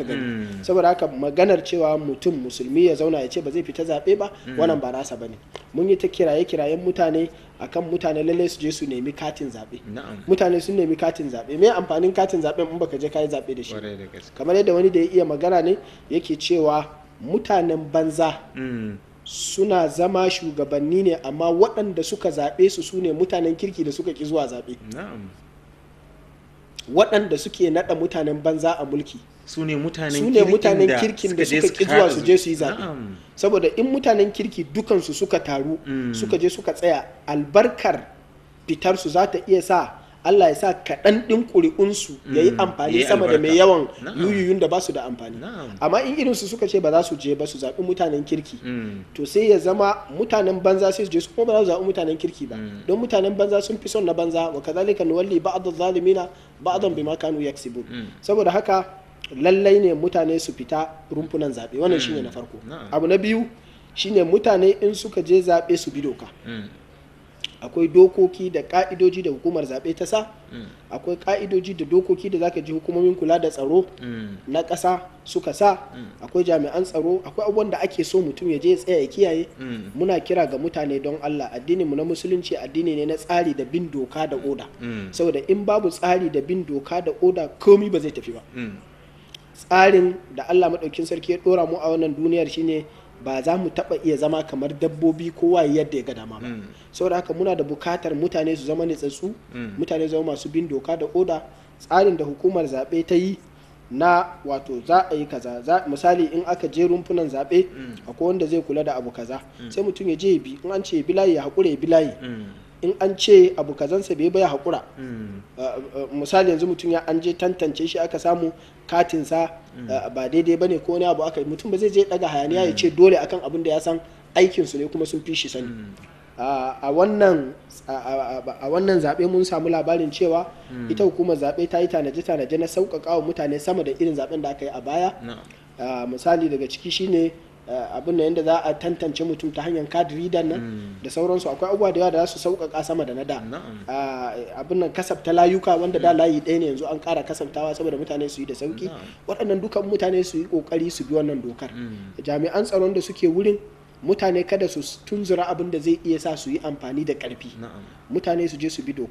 ka gani hmm. saboda haka maganar cewa mutum musulmi ya zauna ya ce ba zai fita zaɓe ba hmm. wannan ba nasa bane mun yi ta kiraye kirayen mutane akan mutane lallai su je su nemi katin zaɓe mutane sun nemi katin zaɓe me amfanin katin zaɓe in baka je kayi zaɓe da shi kamar yadda wani da ya iya magana ne yake cewa mutanen banza hmm. suna zama shugabanni ne amma waɗanda suka zaɓe su sune mutanen kirki da suka ki zuwa zaɓe waɗanda suke naɗa mutanen banza a mulki su ne mutanen kirkin da suka ƙi zuwa su je su yi zaɓe saboda in mutanen kirki dukansu suka taru mm. suka je suka tsaya albarkar fitarsu za ta iya sa Allah ya sa kaɗan ɗin ƙuri'unsu ya yi mm, amfani sama da mai yawan yuyuyun da ba su da amfani amma in irinsu suka ce ba za su je ba su zaɓi mutanen kirki mm. to sai ya zama mutanen banza sai su je su kuma ba za su zaɓi mutanen kirki ba mm. don mutanen banza sun fi son na banza wa kazalika nuwalli ba'dadh zalimina ba'dan bima kanu yaksibun saboda haka lallai ne mutane su fita rumfunan zaɓe wannan shine na farko abu na biyu shine mutane in suka je zaɓe su bi doka akwai dokoki da ka'idoji da hukumar zaɓe ta sa mm. akwai ka'idoji da dokoki da zaka ji hukumomin kula da tsaro mm. na ƙasa suka sa mm. akwai jami'an tsaro akwai abubuwan da ake so mutum ya je ya tsaya ya kiyaye muna kira ga mutane don Allah addini mu na musulunci addini ne na tsari da bin doka da oda saboda in babu tsari da bin doka da oda komi ba zai tafi ba tsarin da Allah maɗaukin sarki ya ɗora mu a wannan duniyar shine ne ba za mu taɓa iya zama kamar dabbobi kowa yadda ya ga dama ba mm. saboda haka muna da bukatar mutane su zama nitsatsu mm. mutane zama masu bin doka da oda tsarin da hukumar zaɓe ta yi na wato za a yi kaza misali in aka je rumfunan zaɓe mm. akwai wanda zai kula da abu kaza sai mutum ya je ya bi in an ce ya bi layi ya haƙura ya bi layi in an ce abu kazansa bai bai haƙura uh, uh, misali yanzu mutum ya an je tantance shi aka samu katinsa Mm. Eh, ba daidai bane ko wani abu aka mutum ba zai je daga hayaniya ya ce mm. dole akan abin da ya san aikin su ne kuma sun fi shi sani mm. a wannan a wannan zaɓe mun samu labarin cewa ita hukumar zaɓe ta yi tanaje-tanaje na sauƙaƙa wa mutane sama da irin zaɓen da aka yi a baya eh, misali daga ciki shine Eh, abin da yadda za a tantance mutum ta hanyar card reader nan mm. da sauransu akwai abubuwa da yawa da za su sauƙaƙa sama da na da ah, abin nan kasafta layuka wanda da mm. layi ɗaya ne yanzu an ƙara kasaftawa saboda mutane su yi da sauƙi waɗannan dukan mutane su yi ƙoƙari su bi wannan dokar mm. jami'an tsaron da suke wurin mutane kada su tunzura abin da zai iya sa su yi amfani da ƙarfi mutane su je su bi doka